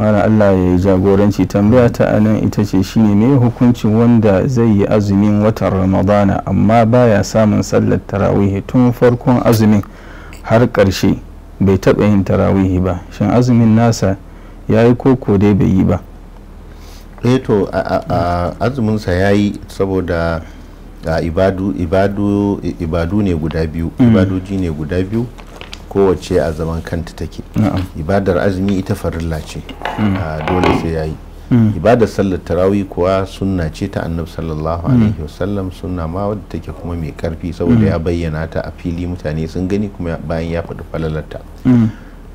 mara Allah ya yi jagoranci tambaya ta anan ita ce shine me hukuncin wanda zai yi azumin watan ramadana amma baya samun sallar tarawihi tun farkon azumin har karshe bai taɓa yin tarawihi ba shin azumin nasa ya yi koko dai bai yi ba eto eh azuminsa ya yi saboda ibadu ne guda biyu mm. ibadoji ne guda biyu kowace a zaman kanta take ibadar azumi ita farilla ce mm. ah, dole sai yayi mm. ibadar sallar tarawih kuwa sunna ce ta annabi sallallahu mm. alaihi wasallam sunna ma wadda take kuma mai karfi saboda ya bayyana ta a fili mutane sun gani kuma bayan ya faɗi falalarta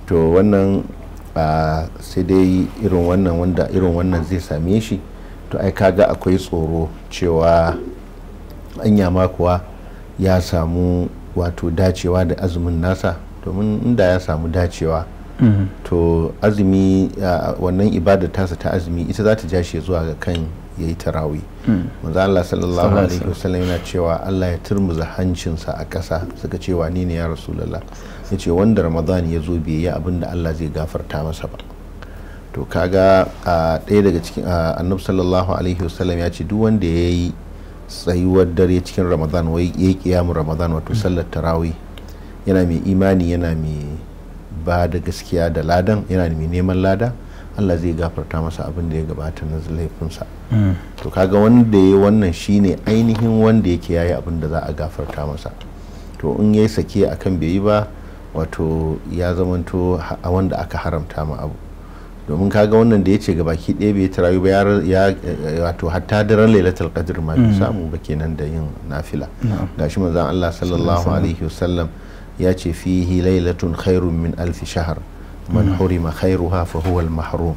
to wannan ah, sai dai irin wannan wanda irin wannan zai same shi to ai kaga akwai tsoro cewa anya ma kuwa ya samu wato dacewa da azumin nasa domin inda ya samu dacewa mm-hmm. to azumi wannan ibada tasa ta azumi ita za ta jashi zuwa ga kan ya yi tarawi mm. manzo Allah sallallahu alaihi wasallam yana cewa Allah ya turmuza hancinsa a ƙasa suka cewa wani ne ya rasulullah ya ce wanda ramadan ya zo bai yi abin da Allah zai gafarta masa ba to kaga a ɗaya daga cikin annabi sallallahu alaihi wasallam ya ce duk wanda ya yi tsayuwar dare cikin ramadan wai ya yi ramadan wato mm. sallar tarawi yana mai imani yana mai ba da gaskiya da ladan yana mai neman lada Allah zai gafarta masa abin da ya gabata na laifinsa hmm. to kaga wanda ya yi wannan shine ainihin wanda yake yayi abin da za a gafarta masa to in ya sake akan bai yi ba wato ya zamanto a wanda aka haramta ma abu domin kaga wannan da ya ce gabaki ɗaya bai rayu ba ya eh, wato hatta daren lailatul qadr ma bai hmm. samu ba kenan da yin nafila gashi manzon Allah sallallahu alaihi wasallam ya ce fihi lailatun khairun min alfi shahar man mm. hurima khairuha fa huwa mahrum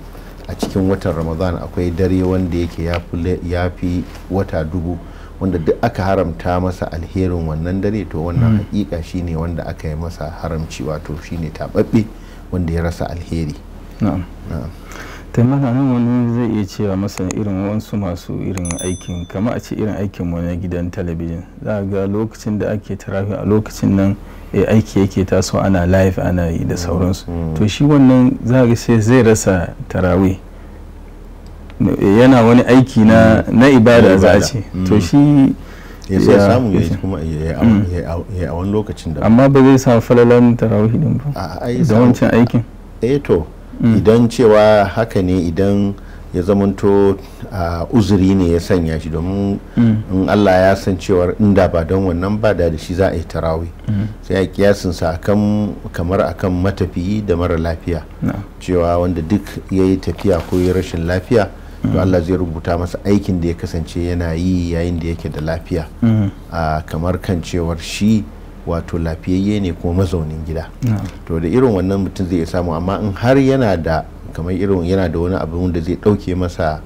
a cikin watan ramadan akwai dare wanda yake ya fi wata dubu wanda duk aka haramta masa alherin wannan dare to wannan mm. hakika shine wanda aka yi masa haramci wato shine tababbe wanda ya rasa alheri taimaka nan wani zai iya cewa masa irin wasu masu irin aikin kama a ce irin aikin wani gidan talabijin za a ga lokacin da ake tarafi a lokacin nan Eh, aiki yake taso ana live ana yi da mm, sauransu mm. to shi wannan za ga sai zai rasa tarawe eh, yana wani aiki na mm. ibada za a ce to shi ya sai samu ya kuma ya a wani lokacin da amma ba zai samu falalan tarawih din ba da wancan aikin eh to idan cewa haka ne idan ya zamanto uzuri ne ya sanya shi domin in Allah ya san cewar inda ba don wannan ba da shi za a yi tarawi sai a kiyasin sa akan kamar akan matafiyi da mara lafiya cewa wanda duk ya yi tafiya ko ya rashin lafiya to mm. Allah zai rubuta masa aikin da ya kasance yana yi yayin da yake da lafiya mm. kamar kan cewar shi wato lafiyayye ne kuma mazaunin gida to da irin wannan mutum zai samu amma in har yana da kamar irin yana da wani abu da zai dauke masa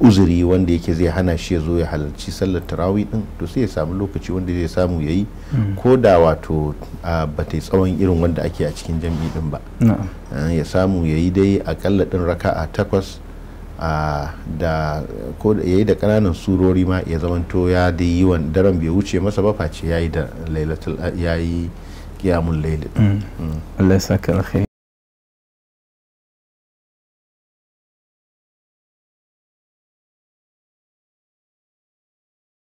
uzuri wanda yake zai hana shi ya zo ya halarci sallar tarawih din to sai ya samu lokaci wanda zai samu ya yi mm. ko da wato ba ta tsawon irin wanda ake a cikin jami'in din ba eh, ya samu ya yi dai akalla din raka'a takwas da ko ya yi da kananan surori ma ya zamanto ya da yi daren bai wuce masa ba face ya yi da lailatul ya yi kiyamun mm. mm. Allah ya saka